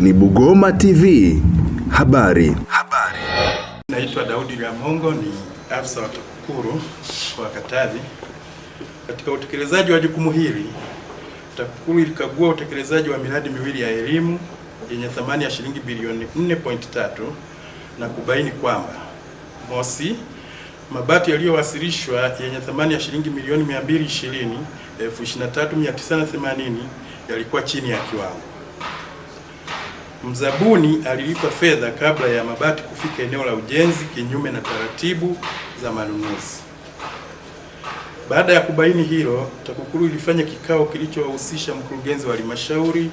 ni Bugoma TV. Habari. Habari. Naitwa Daudi ramongo ni afisa wa TAKUKURU kwa Katavi. Katika utekelezaji wa jukumu hili, TAKUKURU ilikagua utekelezaji wa miradi miwili ya elimu yenye thamani ya shilingi bilioni 4.3 na kubaini kwamba mosi, mabati yaliyowasilishwa yenye thamani ya shilingi milioni 220,980 yalikuwa chini ya kiwango mzabuni alilipa fedha kabla ya mabati kufika eneo la ujenzi kinyume na taratibu za manunuzi. Baada ya kubaini hilo, TAKUKURU ilifanya kikao kilichowahusisha mkurugenzi wa halmashauri,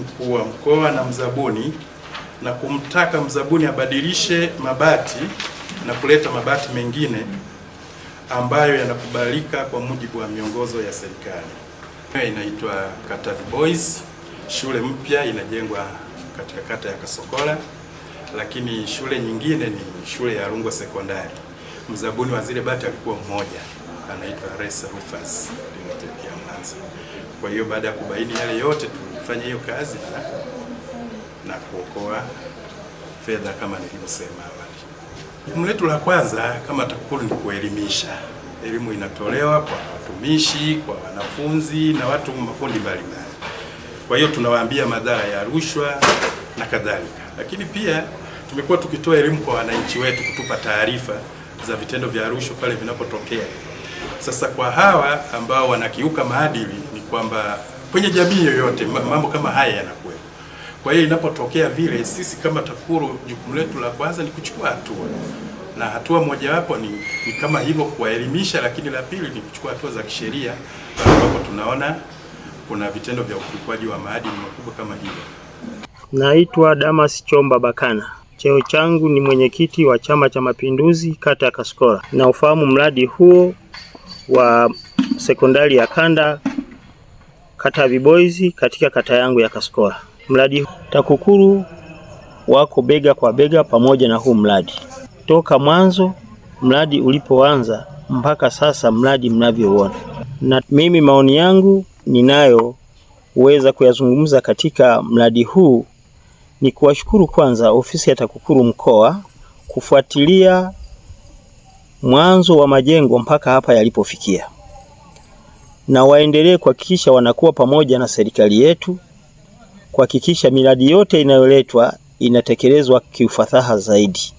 mkuu wa mkoa na mzabuni na kumtaka mzabuni abadilishe mabati na kuleta mabati mengine ambayo yanakubalika kwa mujibu wa miongozo ya serikali. Inaitwa Katavi Boys. Shule mpya inajengwa katika kata ya Kasokola, lakini shule nyingine ni shule ya Rungwe Sekondari. Mzabuni wa zile bati alikuwa mmoja, anaitwa Resa Rufus Limited ya Mwanza. Kwa hiyo baada ya kubaini yale yote, tulifanya hiyo kazi na, na kuokoa fedha kama nilivyosema awali. Jukumu letu la kwanza kama TAKUKURU ni kuelimisha. Elimu inatolewa kwa watumishi, kwa wanafunzi na watu makundi mbalimbali. Kwa hiyo tunawaambia madhara ya rushwa na kadhalika, lakini pia tumekuwa tukitoa elimu kwa wananchi wetu kutupa taarifa za vitendo vya rushwa pale vinapotokea. Sasa kwa hawa ambao wanakiuka maadili ni kwamba kwenye jamii yoyote mambo kama haya yanakuwa. Kwa hiyo inapotokea vile, sisi kama TAKUKURU jukumu letu la kwanza ni kuchukua hatua, na hatua mojawapo ni, ni kama hivyo kuwaelimisha, lakini la pili ni kuchukua hatua za kisheria ambapo tunaona kuna vitendo vya ukiukwaji wa maadili makubwa kama hivyo. Naitwa Damas Chomba Bakana. Cheo changu ni mwenyekiti wa Chama cha Mapinduzi kata ya Kaskora. Na ufahamu mradi huo wa sekondari ya kanda kata Viboizi katika kata yangu ya Kaskora. Mradi TAKUKURU wako bega kwa bega pamoja na huu mradi toka mwanzo mradi ulipoanza mpaka sasa mradi mnavyouona, na mimi maoni yangu ninayoweza kuyazungumza katika mradi huu ni kuwashukuru kwanza ofisi ya TAKUKURU mkoa kufuatilia mwanzo wa majengo mpaka hapa yalipofikia, na waendelee kuhakikisha wanakuwa pamoja na serikali yetu kuhakikisha miradi yote inayoletwa inatekelezwa kiufasaha zaidi,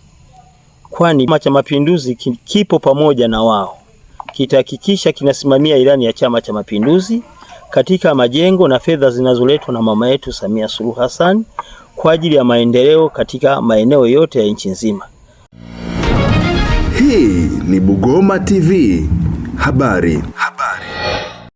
kwani Chama cha Mapinduzi kipo pamoja na wao, kitahakikisha kinasimamia ilani ya Chama cha Mapinduzi katika majengo na fedha zinazoletwa na mama yetu Samia Suluhu Hassan kwa ajili ya maendeleo katika maeneo yote ya nchi nzima. Hii ni Bugoma TV habari.